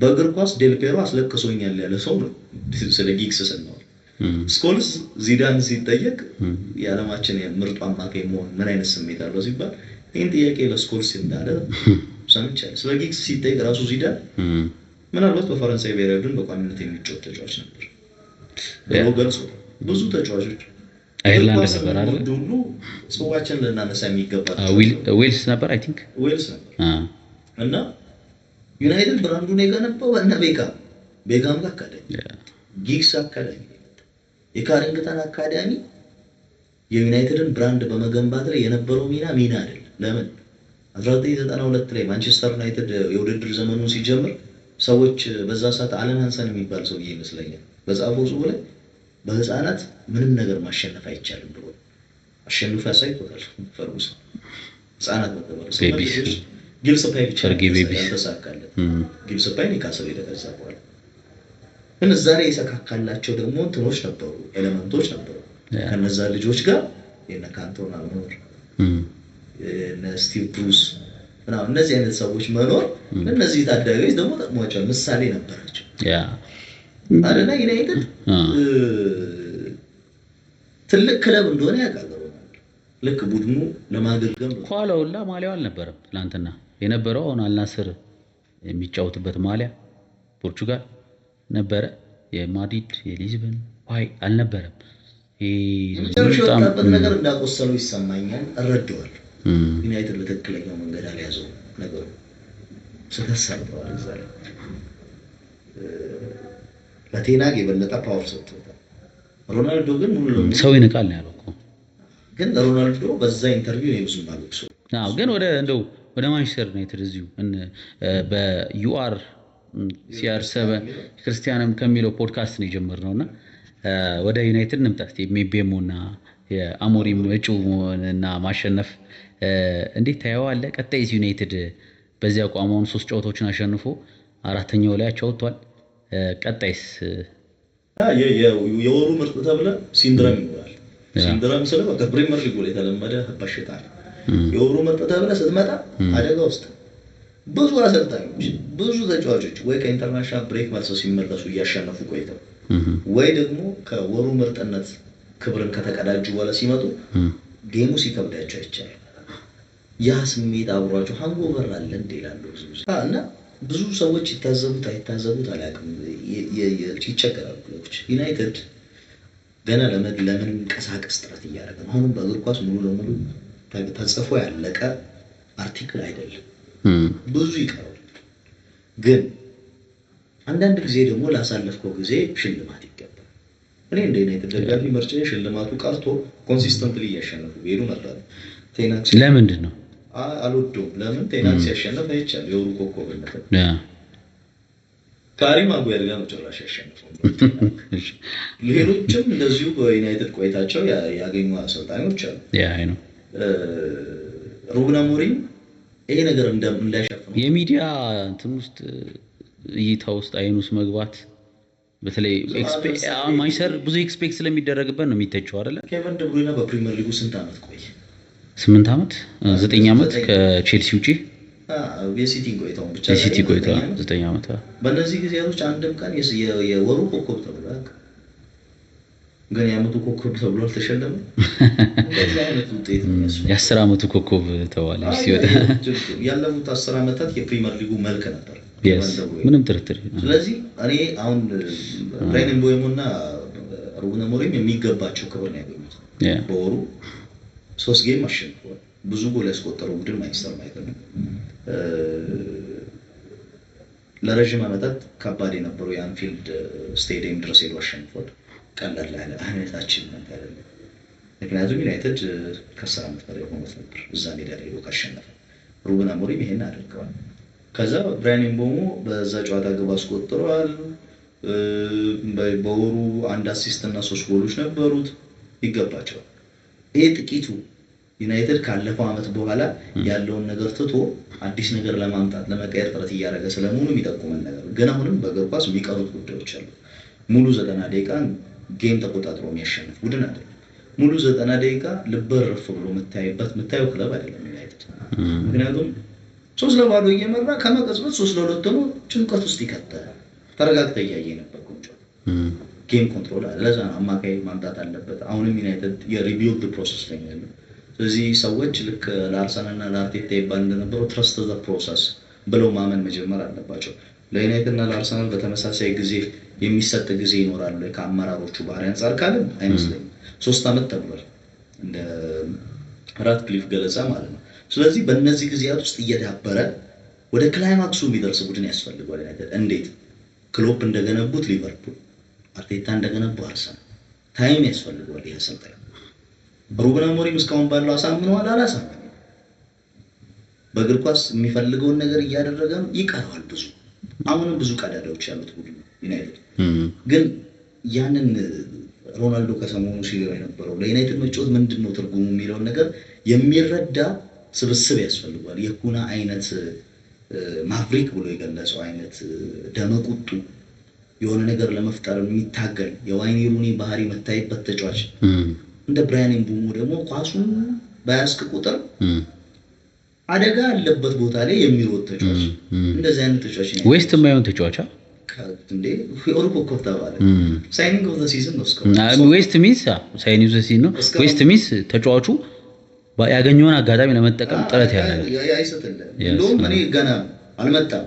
በእግር ኳስ ዴልፔሮ አስለቅሶኛል ያለ ሰው ነው። ስለ ጊግስ ስናወራ ስኮልስ ዚዳን ሲጠየቅ የዓለማችን ምርጡ አማካኝ መሆን ምን አይነት ስሜት አለው ሲባል ይህን ጥያቄ ለስኮልስ እንዳለ ሰምቻለሁ። ስለ ጊግስ ሲጠየቅ ራሱ ዚዳን ምናልባት በፈረንሳይ ብሔራዊ ቡድን በቋሚነት የሚጫወት ተጫዋች ነበር ገልጾ ብዙ ተጫዋቾች አይርላንድ ነበር አይደል? ሁሉ ጽዋችን ልናነሳ የሚገባ ዌልስ ነበር አይ ቲንክ ዌልስ ነበር እና ዩናይትድ ብራንዱን የገነባው እነ ቤካም ቤካም አካዳሚ፣ ጊግስ አካዳሚ፣ የካሪንግተን አካዳሚ የዩናይትድን ብራንድ በመገንባት ላይ የነበረው ሚና ሚና አይደለም። ለምን 1992 ላይ ማንቸስተር ዩናይትድ የውድድር ዘመኑን ሲጀምር ሰዎች በዛ ሰዓት አለን ሀንሰን የሚባል ሰው ይመስለኛል በጻፈው ጽሁፍ ላይ በህፃናት ምንም ነገር ማሸነፍ አይቻልም ብሎ አሸንፎ ያሳይቶታል። ፈርጉሰን ህፃናት መተባሉ ግብጽ ፓይ ብቻ ያልተሳካለት ግብጽ ፓይ ኒካስር የተገዛ በኋላ ግን እዛ ላይ የሰካካላቸው ደግሞ እንትኖች ነበሩ፣ ኤሌመንቶች ነበሩ። ከነዛ ልጆች ጋር የነ ካንቶና መኖር የነ ስቲቭ ብሩስ ምናምን እነዚህ አይነት ሰዎች መኖር እነዚህ ታዳጊዎች ደግሞ ጠቅሟቸዋል። ምሳሌ ነበራቸው አለና ዩናይትድ ትልቅ ክለብ እንደሆነ ያውቃል። ልክ ቡድኑ ለማገገም ከኋላውላ ማሊያው አልነበረም ትናንትና የነበረው አሁን አልናስር የሚጫወትበት ማሊያ ፖርቹጋል ነበረ። የማድሪድ የሊዝበን ይ አልነበረም። የመጨረሻበት ነገር እንዳቆሰለው ይሰማኛል። እረዳዋል። ዩናይትድ በትክክለኛው መንገድ አልያዘው ነገሩ ስህተት ሰርተዋል። እዛ ላይ ለቴናግ የበለጠ ፓወር ሰጥቶታል። ሮናልዶ ግን ሙሉ ሰው ይንቃል ነው ያለው። ግን ለሮናልዶ በዛ ኢንተርቪው ብዙም አልወቅሰውም፣ ግን ወደ እንደው ወደ ማንቸስተር ዩናይትድ እዚሁ በዩአር ሲአር ሰበ ክርስቲያንም ከሚለው ፖድካስት ነው የጀመርነው እና ወደ ዩናይትድ ንምጣ ሜቤሞ እና የአሞሪም እጩ እና ማሸነፍ እንዴት ታየዋለህ? ቀጣይ ዩናይትድ በዚህ አቋማውን ሶስት ጨዋታዎችን አሸንፎ አራተኛው ላይ አቻ ወጥቷል። ቀጣይስ የወሩ ምርጥ ተብለ ሲንድረም ይኖራል። ሲንድረም ስለ በቃ ፕሪሚየር ሊጉ የተለመደ በሽታ ነው። የወሩ ምርጥ ተብለህ ስትመጣ አደጋ ውስጥ ብዙ አሰልጣኞች ብዙ ተጫዋቾች ወይ ከኢንተርናሽናል ብሬክ መልሰው ሲመለሱ እያሸነፉ ቆይተው ወይ ደግሞ ከወሩ ምርጥነት ክብርን ከተቀዳጁ በኋላ ሲመጡ ጌሙ ሲከብዳቸው አይቻልም። ያ ስሜት አብሯቸው ሀንጎቨር አለ እንደ ይላሉ እና ብዙ ሰዎች ይታዘቡት አይታዘቡት አላውቅም፣ ይቸገራሉ ክለቦች። ዩናይትድ ገና ለመንቀሳቀስ ጥረት እያደረገ ነው። አሁንም በእግር ኳስ ሙሉ ለሙሉ ተጽፎ ያለቀ አርቲክል አይደለም፣ ብዙ ይቀራል። ግን አንዳንድ ጊዜ ደግሞ ላሳለፍከው ጊዜ ሽልማት ይገባል። እኔ እንደ ዩናይትድ ደጋፊ መርጬ ሽልማቱ ቀርቶ ኮንሲስተንትሊ እያሸነፉ ሄዱ ነበር። ቴናክስ ለምንድን ነው አልወደውም? ለምን ቴናክስ ያሸነፍ አይቻል የወሩ ኮከብነት ካሪም አጉያል ጋር መጨረሻ ያሸነፈው። ሌሎችም እንደዚሁ በዩናይትድ ቆይታቸው ያገኙ አሰልጣኞች አሉ። ሩግና ሞሪም ይሄ ነገር እንዳይሸፍነው የሚዲያ እንትን ውስጥ እይታ ውስጥ አይን ውስጥ መግባት በተለይ ማይሰር ብዙ ኤክስፔክት ስለሚደረግበት ነው የሚተቸው አይደለ። ኬቨን ደብሩይና በፕሪሚየር ሊጉ ስንት ዓመት ቆይ? ስምንት ዓመት ዘጠኝ ዓመት ከቼልሲ ውጪ የሲቲ ቆይታውን ብቻ የሲቲ ቆይታ ዘጠኝ ዓመት። በእነዚህ ጊዜያቶች አንድም ቀን የወሩ ኮከብ ተብሎ ግን የአመቱ ኮከብ ተብሎ አልተሸለመ። የአስር አመቱ ኮከብ ተባለ ያለፉት አስር ዓመታት የፕሪመር ሊጉ መልክ ነበር ምንም ጥርጥር። ስለዚህ እኔ አሁን ራይን ቦይሞ እና ሩበን አሞሪም የሚገባቸው ክብር ነው ያገኙት። በወሩ ሶስት ጌም አሸንፈዋል። ብዙ ጎል ያስቆጠረው ቡድን ማንችስተር ዩናይትድ ነው። ለረዥም ዓመታት ከባድ የነበሩ የአንፊልድ ስቴዲየም ድረስ ሄዶ አሸንፏል። ቀለል ያለ አይነታችን ነበር። ምክንያቱም ዩናይትድ ከአስር ዓመት በላይ ሆኖት ነበር እዛ ሜዳ ላይ ካሸነፈ። ሩበን አሞሪም ይሄን አድርገዋል። ከዛ ብራያን ምቦሞ በዛ ጨዋታ ግብ አስቆጥረዋል። በወሩ አንድ አሲስት እና ሶስት ጎሎች ነበሩት። ይገባቸዋል። ይሄ ጥቂቱ ዩናይትድ ካለፈው ዓመት በኋላ ያለውን ነገር ትቶ አዲስ ነገር ለማምጣት ለመቀየር ጥረት እያደረገ ስለመሆኑ የሚጠቁመን ነገር ግን አሁንም በእግር ኳስ የሚቀሩት ጉዳዮች አሉ። ሙሉ ዘጠና ደቂቃ ጌም ተቆጣጥሮ የሚያሸንፍ ቡድን አይደለም። ሙሉ ዘጠና ደቂቃ ልበርፍ ብሎ የምታይበት የምታየው ክለብ አይደለም ዩናይትድ። ምክንያቱም ሶስት ለባዶ እየመራ ከመቀጽበት ሶስት ለሁለት ሆኖ ጭንቀት ውስጥ ይከተል ተረጋግተ እያየ ነበር ቁንጮ ጌም ኮንትሮል አለ። ለዛ ነው አማካይ ማምጣት አለበት። አሁንም ዩናይትድ የሪቢልድ ፕሮሰስ ላይ ያለ። ስለዚህ ሰዎች ልክ ለአርሰናል ለአርቴታ ይባል እንደነበረው ትረስት ዘ ፕሮሰስ ብለው ማመን መጀመር አለባቸው። ለዩናይትድ እና ለአርሰናል በተመሳሳይ ጊዜ የሚሰጥ ጊዜ ይኖራል ከአመራሮቹ ባህሪ አንጻር ካለን አይመስለኝም። ሶስት ዓመት ተብሏል እንደ ራትክሊፍ ገለጻ ማለት ነው። ስለዚህ በእነዚህ ጊዜያት ውስጥ እየዳበረ ወደ ክላይማክሱ የሚደርስ ቡድን ያስፈልገዋል ዩናይትድ። እንዴት ክሎፕ እንደገነቡት ሊቨርፑል፣ አርቴታ እንደገነቡ አርሰናል ታይም ያስፈልገዋል። ይህ አሰልጣኝ ሩበን አሞሪም እስካሁን ባለው አሳምነዋል አላሳምነው በእግር ኳስ የሚፈልገውን ነገር እያደረገ ነው። ይቀረዋል ብዙ አሁንም ብዙ ቀዳዳዎች ያሉት ቡድን ዩናይትድ ግን ያንን ሮናልዶ ከሰሞኑ ሲለው የነበረው ለዩናይትድ መጫወት ምንድን ነው ትርጉሙ የሚለውን ነገር የሚረዳ ስብስብ ያስፈልጓል። የኩና አይነት ማፍሪክ ብሎ የገለጸው አይነት ደመቁጡ የሆነ ነገር ለመፍጠር የሚታገል የዋይኒ ሩኒ ባህሪ መታይበት ተጫዋች እንደ ብራያን ምቡሞ ደግሞ ኳሱን በያስክ ቁጥር አደጋ ያለበት ቦታ ላይ የሚሮጥ ተጫዋች እንደዚህ አይነት ተጫዋች ዌስት የማይሆን ተጫዋች ዌስት ሚንስ ነው። ዌስት ሚስ ተጫዋቹ ያገኘውን አጋጣሚ ለመጠቀም ጥረት ያደርጋል። ገና አልመጣም፣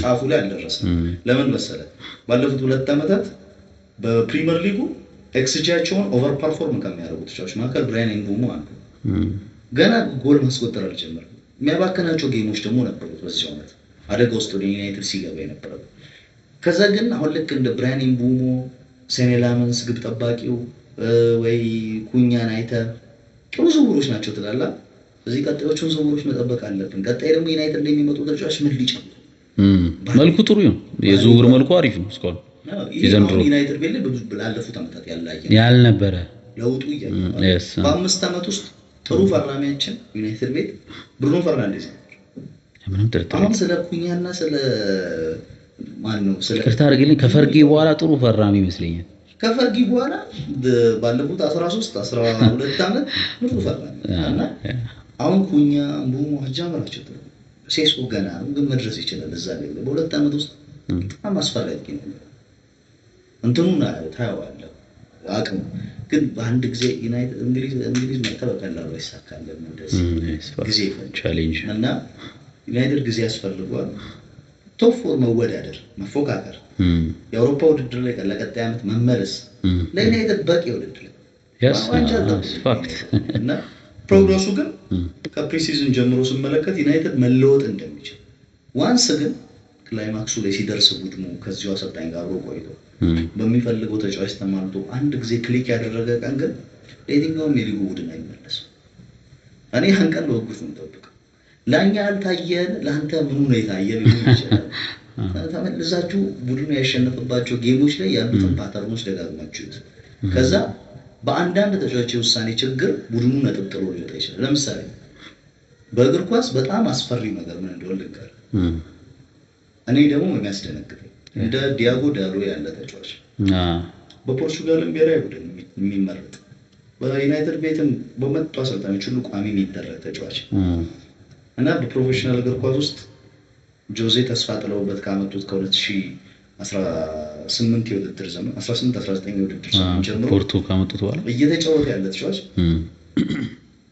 ጫፉ ላይ አልደረሰም። ለምን መሰለ? ባለፉት ሁለት ዓመታት በፕሪሚየር ሊጉ ኤክስጂያቸውን ኦቨር ፐርፎርም ከሚያደርጉ ተጫዋች መካከል ብራያን ምቡሞ አንዱ ገና ጎል ማስቆጠር አልጀመርም። የሚያባክናቸው ጌሞች ደግሞ ነበሩት። በዚህ ዓመት አደጋ ውስጥ ወደ ዩናይትድ ሲገባ የነበረው ከዛ ግን አሁን ልክ እንደ ብራያን ምቡሞ፣ ሴኔ ላመንስ ግብ ጠባቂው ወይ ኩኛን አይተ ጥሩ ዝውውሮች ናቸው ትላላ። እዚህ ቀጣዮቹን ዝውውሮች መጠበቅ አለብን። ቀጣይ ደግሞ ዩናይትድ ላይ የሚመጡ ተጫዋች ምን ሊጨምሩ መልኩ ጥሩ ነው። የዝውውር መልኩ አሪፍ ነው። እስካሁን የዘንድሮ ዩናይትድ ቤት ላይ ላለፉት ዓመታት ያልነበረ ለውጡ እያ በአምስት ዓመት ውስጥ ጥሩ ፈራሚያችን ዩናይትድ ቤት ብሩኖ ፈርናንዴዝ ነው። አሁን ስለ ኩኛና ስለ ማን ነው? ይቅርታ አድርግልኝ፣ ከፈርጊ በኋላ ጥሩ ፈራሚ ይመስለኛል። ከፈርጊ በኋላ ባለፉት 13 12 ዓመት ጥሩ ፈራሚ እና አሁን ኩኛ ቡሙ አጃምራቸው ጥሩ ሴስኮ ገና ግን መድረስ ይችላል እዛ ላይ በሁለት ዓመት ውስጥ በጣም አስፈላጊ ነው። እንትኑን ታየዋለህ አቅም ግን በአንድ ጊዜ ዩናይትድ እንግሊዝ እንግሊዝ መጣ በቀላሉ አይሳካልም። እንደዚህ ጊዜ ቻሌንጅ እና ዩናይትድ ጊዜ ያስፈልጓል። ቶፕ ፎር መወዳደር፣ መፎካከር፣ የአውሮፓ ውድድር ላይ ለቀጣይ ዓመት መመለስ ለዩናይትድ በቂ ውድድር እና ፕሮግረሱ ግን ከፕሪሲዝን ጀምሮ ስመለከት ዩናይትድ መለወጥ እንደሚችል ዋንስ ግን ክላይማክሱ ላይ ሲደርስ ቡድኑ ከዚሁ አሰልጣኝ ጋር አብሮ ቆይቶ በሚፈልገው ተጫዋች ተማርቶ አንድ ጊዜ ክሊክ ያደረገ ቀን ግን ለየትኛውም የሊጉ ቡድን አይመለስም። እኔ ያን ቀን በጉጉት ነው የምጠብቀው። ለእኛ አልታየን፣ ለአንተ ምኑ ነው የታየ ሊሆን ይችላል። ተመልሳችሁ ቡድኑ ያሸነፈባቸው ጌሞች ላይ ያሉትን ፓተርኖች ደጋግማችሁት ከዛ በአንዳንድ ተጫዋች የውሳኔ ችግር ቡድኑ ነጥብ ጥሎ ሊወጣ ይችላል። ለምሳሌ በእግር ኳስ በጣም አስፈሪ ነገር ምን እንደሆነ ልንገር እኔ ደግሞ የሚያስደነግጠኝ እንደ ዲያጎ ዳሎ ያለ ተጫዋች በፖርቹጋልም ብሔራዊ ቡድን የሚመረጥ በዩናይትድ ቤትም በመጡ አሰልጣኞች ሁሉ ቋሚ የሚደረግ ተጫዋች እና በፕሮፌሽናል እግር ኳስ ውስጥ ጆዜ ተስፋ ጥለውበት ካመጡት ከ2018 የውድድር ዘመን 1819 የውድድር ዘመን ጀምሮ ፖርቶ ካመጡት በኋላ እየተጫወተ ያለ ተጫዋች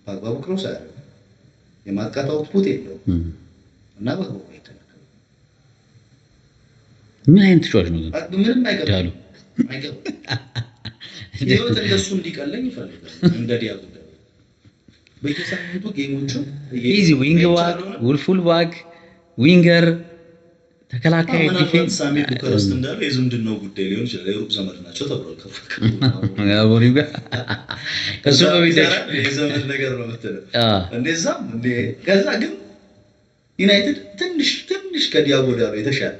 በአግባቡ ክሮስ አያደርግም። የማጥቃት አውትፑት የለው እና በአግባቡ ምን አይነት ተጫዋች ነው? ምንም አይቀርም። ህይወት እንደሱ እንዲቀለኝ ይፈልጋል። እንደ ዲያዝ በየሳምንቱ ጌሞቹ ኢዚ ዊንግ ባክ፣ ውልፉል ባክ፣ ዊንገር፣ ተከላካይ፣ ዲፌንስ ሳሚ ቡካረስት እንዳለ የዝምድናው ጉዳይ ሊሆን ይችላል። የሩቅ ዘመድ ናቸው ተብሏል። ከሱ በፊት የዘመድ ነገር ነው የምትለው እንደዛም። ከዛ ግን ዩናይትድ ትንሽ ትንሽ ከዲያጎ ዳሎ የተሻለ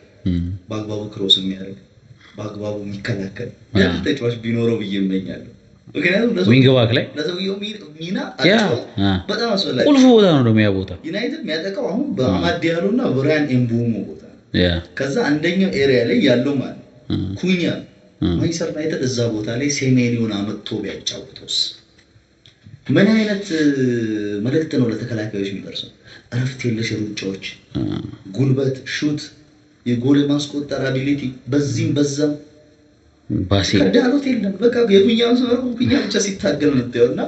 በአግባቡ ክሮስ የሚያደርግ በአግባቡ የሚከላከል ያን ተጫዋች ቢኖረው ብዬ እመኛለሁ። ምክንያቱም ላይ ለሰውየው ሚና በጣም አስፈላጊ ቁልፍ ቦታ ነው። ደሚያ ቦታ ዩናይትድ የሚያጠቀው አሁን በአማድ ዲያሎ እና ብራያን ኤምቡሞ ቦታ ነው። ከዛ አንደኛው ኤሪያ ላይ ያለው ማለት ኩኛ ማንችስተር ዩናይትድ እዛ ቦታ ላይ ሴሜኒዮን አመጥቶ ቢያጫውተውስ ምን አይነት መልእክት ነው ለተከላካዮች የሚደርሰው? እረፍት የለሽ ሩጫዎች፣ ጉልበት፣ ሹት የጎል ማስቆጠር አቢሊቲ በዚህም በዛም ከዳሎት የለም። በቃ የጉኛውን ሰመር ጉኛ ብቻ ሲታገል ምታየው እና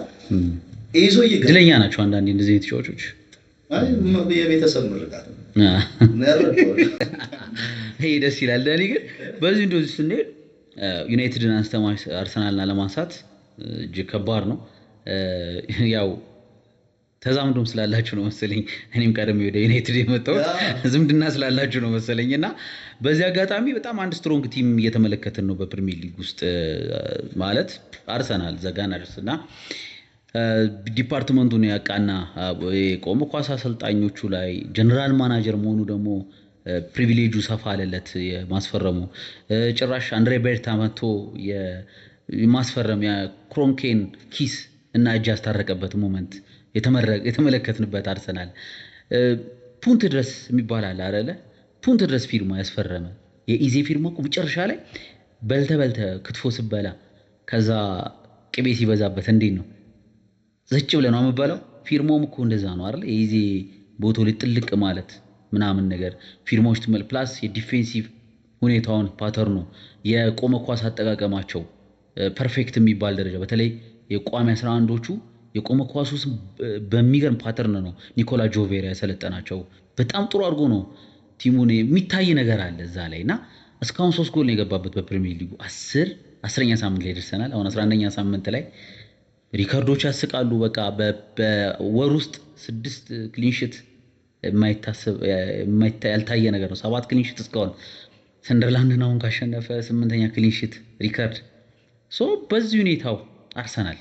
ይዞ እድለኛ ናቸው አንዳንዴ እንደዚህ ተጫዋቾች። የቤተሰብ ምርቃት ይሄ ደስ ይላል። ለእኔ ግን በዚህ እንደዚህ ስንሄድ ዩናይትድን አንስተማ አርሰናልና ለማንሳት እጅግ ከባድ ነው ያው ተዛምዶም ስላላችሁ ነው መሰለኝ እኔም ቀደም ወደ ዩናይትድ የመጣሁት ዝምድና ስላላችሁ ነው መሰለኝ። እና በዚህ አጋጣሚ በጣም አንድ ስትሮንግ ቲም እየተመለከትን ነው በፕሪሚየር ሊግ ውስጥ ማለት አርሰናል አርስ እና ዲፓርትመንቱን ያቃና የቆመ ኳስ አሰልጣኞቹ ላይ ጀነራል ማናጀር መሆኑ ደግሞ ፕሪቪሌጁ ሰፋ አለለት የማስፈረሙ ጭራሽ አንድሬ ቤርታ መጥቶ የማስፈረም የክሮንኬን ኪስ እና እጅ ያስታረቀበት ሞመንት የተመለከትንበት አርሰናል ፑንት ድረስ የሚባል አለ አይደለ? ፑንት ድረስ ፊርማ ያስፈረመ የኢዜ ፊርማ እኮ መጨረሻ ላይ በልተ በልተ ክትፎ ስበላ ከዛ ቅቤ ሲበዛበት እንዴት ነው ዘጭ ብለ ነው የምበላው? ፊርማውም እኮ እንደዛ ነው አይደል? የኢዜ ቦቶ ልጥልቅ ማለት ምናምን ነገር ፊርማዎች ትመል ፕላስ የዲፌንሲቭ ሁኔታውን ፓተርኑ የቆመ ኳስ አጠቃቀማቸው ፐርፌክት የሚባል ደረጃ በተለይ የቋሚ አስራ አንዶቹ የቆመ ኳስ ውስጥ በሚገርም ፓተርን ነው ኒኮላ ጆቬሪያ ያሰለጠናቸው። በጣም ጥሩ አድርጎ ነው ቲሙን የሚታይ ነገር አለ እዛ ላይ እና እስካሁን ሶስት ጎል ነው የገባበት በፕሪሚየር ሊጉ አስር አስረኛ ሳምንት ላይ ደርሰናል። አሁን አስራ አንደኛ ሳምንት ላይ ሪከርዶች ያስቃሉ። በቃ በወር ውስጥ ስድስት ክሊንሽት ያልታየ ነገር ነው። ሰባት ክሊንሽት እስካሁን ሰንደርላንድን አሁን ካሸነፈ ስምንተኛ ክሊንሽት ሪከርድ። ሶ በዚህ ሁኔታው አርሰናል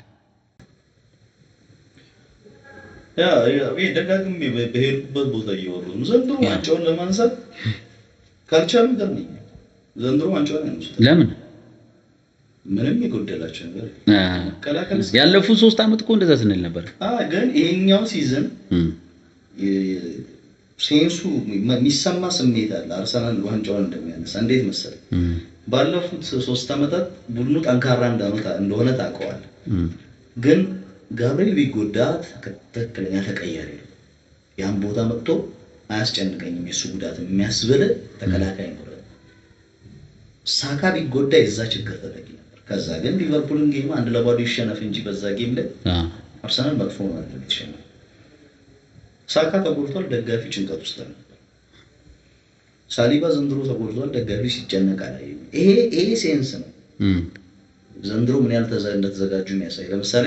ያ ይሄ ደጋግሜ በሄድኩበት ቦታ እየወሩ ዘንድሮ ዋንጫውን ለማንሳት ካልቻሉ ገርመኝ። ዘንድሮ ዋንጫውን አንሳት ለምን ምንም የጎደላቸው ነገር ያለፉ ሶስት አመት እኮ እንደዛ ስንል ነበር። ግን ይሄኛው ሲዝን ሴንሱ የሚሰማ ስሜት አለ። አርሰናል ዋንጫውን እንደሚያነሳ እንዴት መሰለ፣ ባለፉት ሶስት አመታት ቡድኑ ጠንካራ እንደሆነ ታውቀዋል ግን ጋብርኤል ቢጎዳ ትክክለኛ ተቀያሪ ነው። ያን ቦታ መጥቶ አያስጨንቀኝም የእሱ ጉዳት የሚያስብል ተከላካይ ነው። ሳካ ቢጎዳ የዛ ችግር ተጠቂ ነበር። ከዛ ግን ሊቨርፑልን ጌም አንድ ለባዶ ይሸነፍ እንጂ በዛ ጌም ላይ አርሰናል መጥፎ ነው የተሸነፈ። ሳካ ተጎድቷል፣ ደጋፊ ጭንቀት ውስጥ ነው። ሳሊባ ዘንድሮ ተጎድቷል፣ ደጋፊ ሲጨነቅ አላየሁም። ይሄ ይሄ ሴንስ ነው። ዘንድሮ ምን ያህል እንደተዘጋጁ የሚያሳይ ለምሳሌ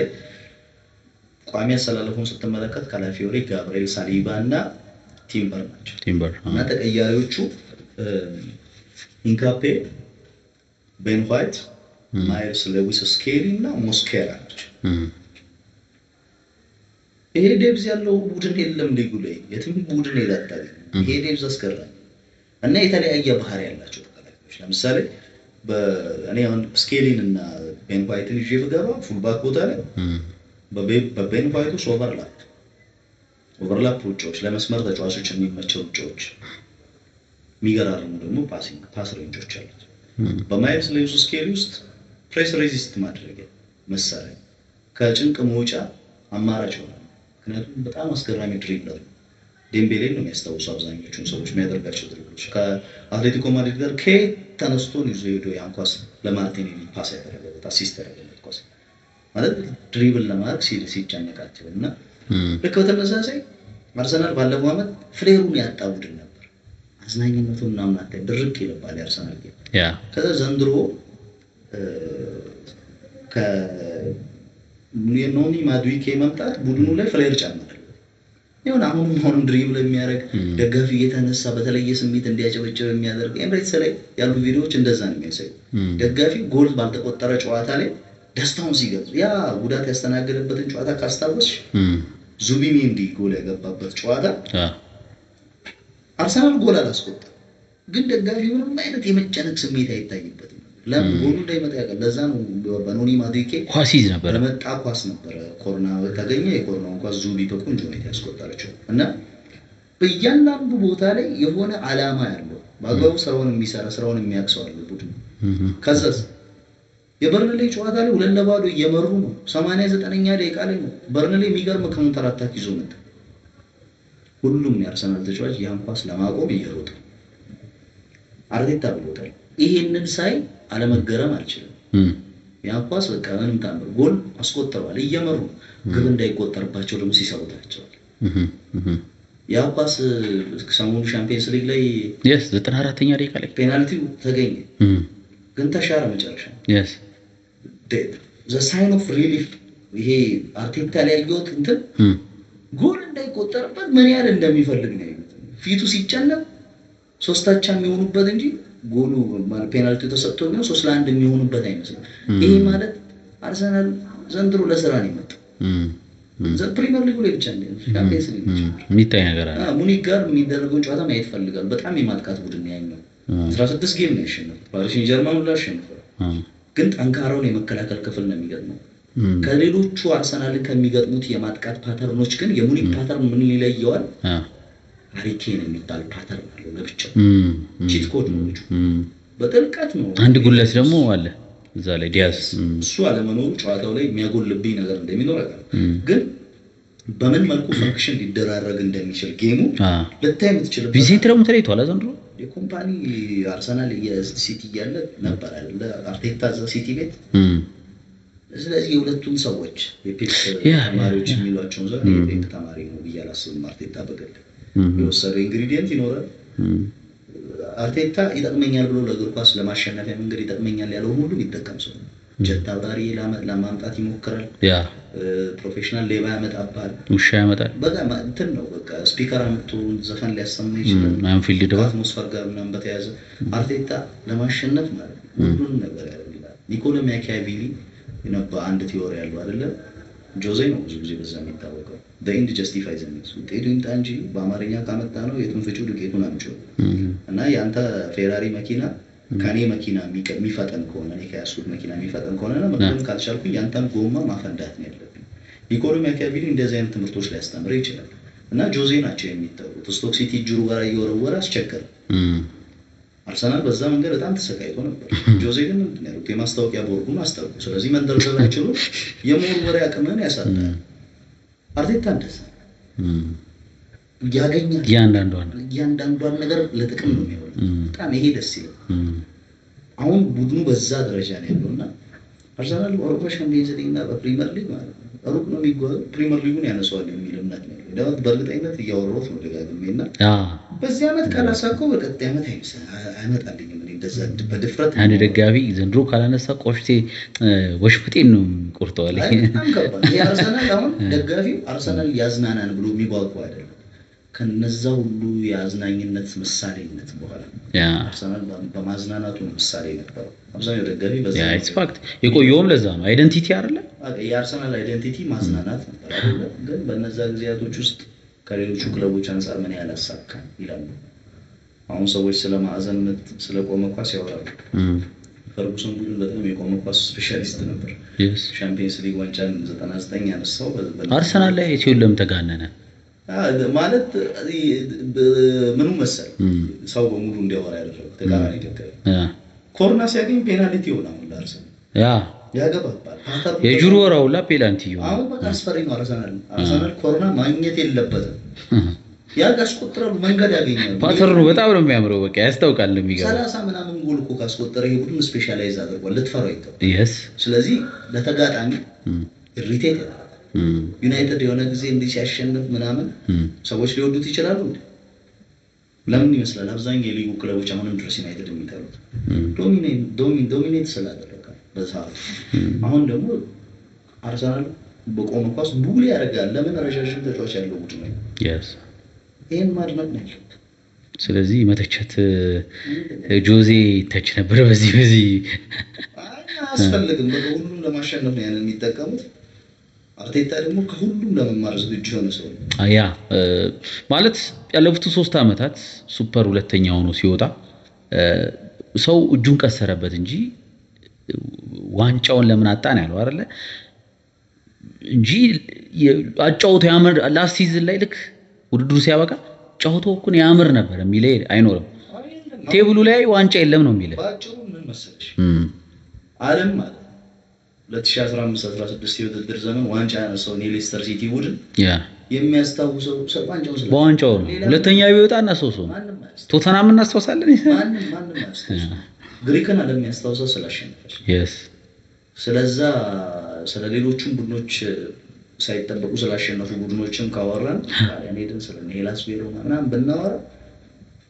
ቋሚ አሰላለፉን ስትመለከት ካላፊዮሪ፣ ጋብርኤል ሳሊባ እና ቲምበር ናቸው። ቲምበር እና ተቀያሪዎቹ ኢንካፔ፣ ቤን ዋይት፣ ማይልስ ሌዊስ ስኬሊ እና ሞስኬራ ናቸው። ይሄ ዴብዝ ያለው ቡድን የለም ሊጉ ላይ የትም ቡድን ይላታል። ይሄ ዴብዝ አስገራኝ እና የተለያየ ባህሪ ያላቸው ተከላካዮች ለምሳሌ እኔ አሁን ስኬሊን እና ቤን ዋይትን ይዤ ብገባ ፉልባክ ቦታ ላይ በቤን በቤንቫይቶስ ኦቨርላፕ ኦቨርላፕ ውጪዎች ለመስመር ተጫዋቾች የሚመቸው ውጪዎች የሚገራርሙ ደግሞ ፓሲንግ ፓስ ሬንጆች አሉት። በማይልስ ሌዊስ ስኬል ውስጥ ፕሬስ ሬዚስት ማድረጊያ መሳሪያ ከጭንቅ መውጫ አማራጭ ይሆናል። ምክንያቱም በጣም አስገራሚ ድሪብለር ነው። ዴምቤሌን ነው የሚያስታውሱ አብዛኞቹን ሰዎች የሚያደርጋቸው ድሪብሎች። ከአትሌቲኮ ማድሪድ ጋር ከየት ተነስቶን ይዞ ሄዶ የአንኳስ ለማርቲኔሊ ፓስ ያደረገበት አሲስት ያደረገበት ማለት ድሪብል ለማድረግ ሲጨነቃቸው እና ልክ በተመሳሳይ አርሰናል ባለፈው ዓመት ፍሌሩን ያጣ ቡድን ነበር። አዝናኝነቱ ምናምን ድርቅ ይልባል የአርሰናል ጌ ከዛ ዘንድሮ የኖኒ ማድዊኬ መምጣት ቡድኑ ላይ ፍሌር ጨመረ። ይሁን አሁንም አሁንም ድሪም ለሚያደርግ ደጋፊ እየተነሳ በተለየ ስሜት እንዲያጨበጭብ የሚያደርግ ኤምሬትስ ላይ ያሉ ቪዲዮዎች እንደዛ ነው የሚያሳዩ። ደጋፊ ጎል ባልተቆጠረ ጨዋታ ላይ ደስታውን ሲገልጹ ያ ጉዳት ያስተናገደበትን ጨዋታ ካስታወስሽ ዙቢሜንዲ ጎል ያገባበት ጨዋታ አርሰናል ጎል አላስቆጠም፣ ግን ደጋፊ ምንም አይነት የመጨነቅ ስሜት አይታይበትም። ለምን ጎሉ እንዳይመጣ ያውቃል። ለዛ ነው በኖኒ ማድሪኬ ኳስ ይዝ ነበረ መጣ ኳስ ነበረ ኮርና ተገኘ። የኮርናውን ኳስ ዙቢ በቆንጆ ሁኔታ ያስቆጠረችው እና በእያንዳንዱ ቦታ ላይ የሆነ አላማ ያለው በአግባቡ ስራውን የሚሰራ ስራውን የሚያቅሰዋለ ቡድን ከዛስ የበርንሌ ጨዋታ ላይ ሁለት ለባዶ እየመሩ ነው። 89 ዘጠነኛ ደቂቃ ላይ ነው በርንሌ የሚገርም ካውንተር አታክ ይዞ መጣ። ሁሉም የአርሰናል ተጫዋች ያን ኳስ ለማቆም እየሮጠ አርቴታ ብሎታል። ይሄንን ሳይ አለመገረም አልችልም። ያን ኳስ በቃ ምንም ታምር ጎል አስቆጥረዋል፣ እየመሩ ግብ እንዳይቆጠርባቸው ደግሞ ሲሰሩታቸዋል። ያን ኳስ ሰሞኑ ሻምፒየንስ ሊግ ላይ ዘጠና አራተኛ ደቂቃ ላይ ፔናልቲው ተገኘ፣ ግን ተሻረ መጨረሻ ዘ ሳይን ኦፍ ሪሊፍ ይሄ አርቴታ ላይ ያየሁት እንትን ጎል እንዳይቆጠርበት ምን ያህል እንደሚፈልግ ነው ፊቱ ሲጨነቅ ሶስታቻ የሚሆኑበት እንጂ ጎሉ ፔናልቲ ተሰጥቶ ነው ሶስት ለአንድ የሚሆኑበት አይመስልም። ይሄ ማለት አርሰናል ዘንድሮ ለስራ ነው የመጣው። ፕሪሚየር ሊጉ ላይ ብቻ የሚታይ ነገር አለ። ሙኒክ ጋር የሚደረገውን ጨዋታ ማየት ፈልጋል። በጣም የማጥቃት ቡድን ያኛው አስራ ስድስት ጌም ነው ያሸነፉት። ፓሪስ ሴንት ጀርመን ሁላ አሸንፏል። ግን ጠንካራውን የመከላከል ክፍል ነው የሚገጥመው። ከሌሎቹ አርሰናልን ከሚገጥሙት የማጥቃት ፓተርኖች ግን የሙኒክ ፓተርን ምን ይለየዋል? ሃሪኬን የሚባል ፓተርን አለው ለብቻ ቺት ኮድ ነው ልጁ። በጥልቀት ነው። አንድ ጉለት ደግሞ አለ እዛ ላይ ዲያስ፣ እሱ አለመኖሩ ጨዋታው ላይ የሚያጎልብኝ ነገር እንደሚኖር ግን በምን መልኩ ፈንክሽን ሊደራረግ እንደሚችል ጌሙ ልታይ የምትችልበት ቢዜት ደግሞ ተለይቷል ዘንድሮ የኮምፓኒ አርሰናል ሲቲ እያለ ነበረ አርቴታ እዛ ሲቲ ቤት። ስለዚህ የሁለቱም ሰዎች የፔፕ ተማሪዎች የሚሏቸውን ዘር የፔፕ ተማሪ ነው ብዬ አላስብም። አርቴታ በግል የወሰደው ኢንግሪዲየንት ይኖራል። አርቴታ ይጠቅመኛል ብሎ ለእግር ኳስ ለማሸነፊያ መንገድ ይጠቅመኛል ያለውን ሁሉ ይጠቀም ሰው ጀታ አብራሪ ለማምጣት ይሞክራል። ፕሮፌሽናል ሌባ ያመጣባል፣ ውሻ ያመጣል። በጣም እንትን ነው በቃ ስፒከር አምጥቶ ዘፈን ሊያሰማ ይችላል። አንፊልድ አትሞስፈር ጋር ምናምን በተያያዘ አርቴታ ለማሸነፍ ማለት ሁሉን ነገር ያደርግላል። ኒኮሎ ማኪያቬሊ አንድ ቲዎሪ ያሉ አይደለ? ጆዜ ነው ብዙ ጊዜ በዛ የሚታወቀው በኢንድ ጀስቲፋይ ዘሚስ ውጤቱ ይምጣ እንጂ በአማርኛ ካመጣ ነው የቱን ፍጩ ዱቄቱን አምጪው እና የአንተ ፌራሪ መኪና ከኔ መኪና የሚፈጥን ከሆነ እኔ ከያዝኩት መኪና የሚፈጥን ከሆነ መቆም ካልቻልኩኝ ያንተን ጎማ ማፈንዳት ነው ያለብኝ። ኢኮኖሚ አካባቢ እንደዚህ አይነት ትምህርቶች ሊያስተምር ይችላል። እና ጆዜ ናቸው የሚታወቁት። ስቶክ ሲቲ ጅሩ ጋር እየወረወረ አስቸገረ። አርሰናል በዛ መንገድ በጣም ተሰቃይቶ ነበር። ጆዜ ግን ምንድነው የማስታወቂያ ቦርዱን አስታውቁ። ስለዚህ መንደርደር አይችሉም። የመወርወሪያ አቅምህን ያሳጣል። አርቴታ እንደዛ ያገኛል። እያንዳንዷን ነገር ለጥቅም ነው የሚሆነው። በጣም ይሄ ደስ ይላል። አሁን ቡድኑ በዛ ደረጃ ነው ያለው እና አርሰናል በአውሮፓ ሻምፒየንስ ሊግ እና በፕሪሚየር ሊግ ማለት ነው ሩቅ ነው የሚጓዘው። ፕሪሚየር ሊጉን ያነሰዋል የሚል እምነት ነው ያለው። በእርግጠኝነት እያወራሁት ነው ደጋግሜ እና በዚህ ዓመት ካላሳካው በቀጣይ ዓመት አይመጣልኝም። እንደዛ በድፍረት አንድ ደጋፊ ዘንድሮ ካላነሳ ቆሽቴ ወሽፍጤን ነው ቆርጠዋል። አርሰናል አሁን ደጋፊው አርሰናል ያዝናናን ብሎ የሚጓጓ አይደለም ከነዛ ሁሉ የአዝናኝነት ምሳሌነት በኋላ አርሰናል በማዝናናቱ ምሳሌ ነበረው። አብዛኛው ደጋፊ በፋክት የቆየውም ለዛ ነው። አይደንቲቲ አለ የአርሰናል አይደንቲቲ ማዝናናት ነበር። ግን በነዛ ጊዜያቶች ውስጥ ከሌሎቹ ክለቦች አንጻር ምን ያህል አሳካ ይላሉ። አሁን ሰዎች ስለ ማዕዘንነት ስለ ቆመ ኳስ ያወራሉ። ፈርጉሰን ቡድን በጣም የቆመ ኳስ ስፔሻሊስት ነበር። ሻምፒየንስ ሊግ ዋንጫን ዘጠና ዘጠኝ ያነሳው አርሰናል ላይ ሲሆን ለምን ተጋነነ? ማለት ምኑ መሰል ሰው በሙሉ እንዲያወራ ያደረገው ተቃራኒ ኢትዮጵያዊ ኮርና ሲያገኝ ፔናልቲ ይሆናል። ላርሰን የጁሮ ወራውላ ፔናልቲ አሁን በቃ አስፈሪ ነው። አርሰናል አርሰናል ኮርና ማግኘት የለበትም። ያ ካስቆጠረ መንገድ ያገኛል። ፓተርኑ በጣም ነው የሚያምረው። በቃ ያስታውቃል። የሚገርም ሰላሳ ምናምን ጎል እኮ ካስቆጠረ ይሄ ቡድን ስፔሻላይዝ አድርጓል። ልትፈራው ይገባል። ስለዚህ ለተጋጣሚ ሪቴት ዩናይትድ hmm. የሆነ ጊዜ እንዲህ ሲያሸንፍ ምናምን hmm. ሰዎች ሊወዱት ይችላሉ። ለምን ይመስላል አብዛኛው የሊጉ ክለቦች አሁንም ድረስ ዩናይትድ የሚጠሩት hmm. ዶሚኔት ስላደረገ በሰዓቱ። አሁን ደግሞ አርሰናል በቆመ ኳስ ቡል ያደርጋል። ለምን ረዣዥም ተጫዋች ያለው ቡድን ነው። ይህን ማድነቅ ነው። ስለዚህ መተቸት ጆዜ ይተች ነበረ። በዚህ በዚህ አያስፈልግም። ሁሉም ለማሸነፍ ነው ያንን የሚጠቀሙት። አርቴታ ደግሞ ከሁሉም ለመማር ዝግጁ የሆነ ሰው ያ ማለት ያለፉት ሶስት ዓመታት ሱፐር ሁለተኛ ሆኖ ሲወጣ ሰው እጁን ቀሰረበት እንጂ ዋንጫውን ለምን አጣ ነው ያለው አይደለ? እንጂ አጫውቶ ያምር ላስት ሲዝን ላይ ልክ ውድድሩ ሲያበቃ ጫውቶ እኮን ያምር ነበር የሚለ አይኖርም። ቴብሉ ላይ ዋንጫ የለም ነው የሚለ አለም ማለት 2015/16 የውድድር ዘመን ዋንጫ ያነሳውን የሌስተር ሲቲ ቡድን የሚያስታውሰው ዋንጫው በዋንጫው ነው። ሁለተኛ ቢወጣ እናስታውሰው፣ ቶተናም እናስታውሳለን። ግሪክን የሚያስታውሰው ስላሸነፈች፣ ስለዛ ስለ ሌሎቹም ቡድኖች ሳይጠበቁ ስላሸነፉ ቡድኖችም ካወራን ኔድን ስለ ሄላስ ቤሮ ምናምን ብናወራ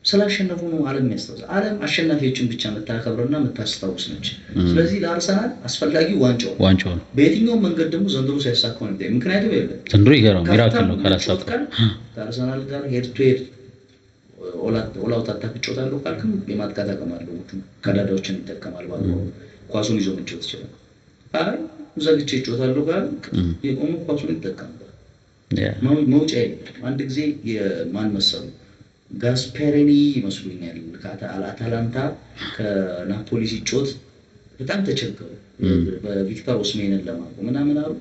ስላሸነፉ ነው ዓለም ያስታውስ። ዓለም አሸናፊዎችን ብቻ የምታከብረውና የምታስታውስ ነች። ስለዚህ ለአርሰናል አስፈላጊ ዋንጫው ነው። በየትኛውም መንገድ ደግሞ ዘንድሮ ሲያሳካው ነው። ምክንያቱም ይኸውልህ ዘንድሮ ይገራው ሚራክል ነው። ካላሳካ ከአርሰናል ጋር ሄድ ቱ ሄድ ኦላውት አታክ ጮታለሁ ካልክም የማጥቃት አቅም አለው። ቀዳዳዎችን ይጠቀማል። ባለ ኳሱን ይዞ መጫወት ይችላል። አይ ዘግቼ ጮታለሁ ካልክ የቆመ ኳሱን ይጠቀማል። መውጫ አንድ ጊዜ የማን መሰሉ ጋስፔሪኒ ይመስሉኛል። አታላንታ ከናፖሊ ሲጮት በጣም ተቸገሩ። በቪክተር ኦስሜንን ለማቆም ምናምን አሉ።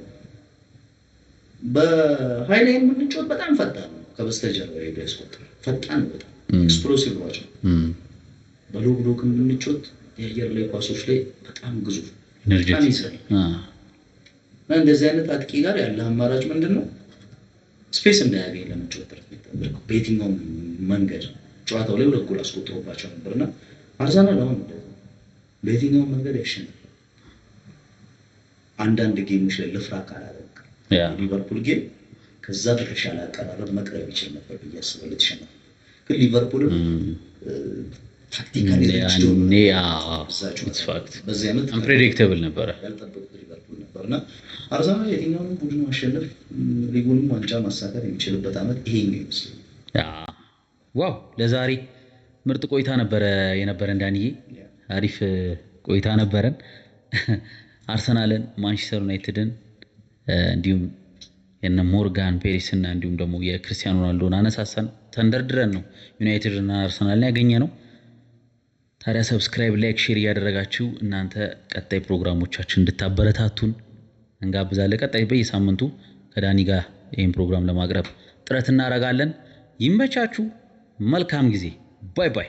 በሀይል የምንጮት በጣም ፈጣን ነው። ከበስተጀርባ ሄዶ ያስቆጥራል። ፈጣን ነው። በጣም ኤክስፕሎሲቭ ሯጭ ነው። በሎግ ዶክ የምንጮት የአየር ላይ ኳሶች ላይ በጣም ግዙፍ በጣም ይስራል። እና እንደዚህ አይነት አጥቂ ጋር ያለ አማራጭ ምንድን ነው? ስፔስ እንዳያገኝ ለመጫወት ጥረት ቤትኛውም መንገድ ጨዋታው ላይ ሁለት ጎል አስቆጥሮባቸው ነበርና አርሰናል አሁን በየትኛውም መንገድ ያሸንፋል። አንዳንድ ጌሞች ላይ ልፍራ ካላደረግ ሊቨርፑል ጌም ከዛ በተሻለ አቀራረብ መቅረብ ይችል ነበር ብዬ አስባለሁ። የተሸነፈ ግን ሊቨርፑልም ታክቲካሊ በዚህ ዓመት አንፕሬዲክተብል ነበረ ያልጠበቁት ሊቨርፑል ነበር እና አርሰናል የትኛውንም ቡድን ማሸነፍ ሊጉንም ዋንጫ ማሳካት የሚችልበት ዓመት ይሄኛው ይመስለኛል። ዋው ለዛሬ ምርጥ ቆይታ ነበረ የነበረን ዳንዬ፣ አሪፍ ቆይታ ነበረን። አርሰናልን፣ ማንቸስተር ዩናይትድን እንዲሁም የነ ሞርጋን ፔሪስ እንዲሁም ደግሞ የክርስቲያኖ ሮናልዶን አነሳሳን ተንደርድረን ነው ዩናይትድና አርሰናልን ያገኘ ነው። ታዲያ ሰብስክራይብ፣ ላይክ፣ ሼር እያደረጋችሁ እናንተ ቀጣይ ፕሮግራሞቻችን እንድታበረታቱን እንጋብዛለን። ቀጣይ በየሳምንቱ ከዳኒ ጋር ይህን ፕሮግራም ለማቅረብ ጥረት እናረጋለን ይመቻችሁ። መልካም ጊዜ። ባይ ባይ።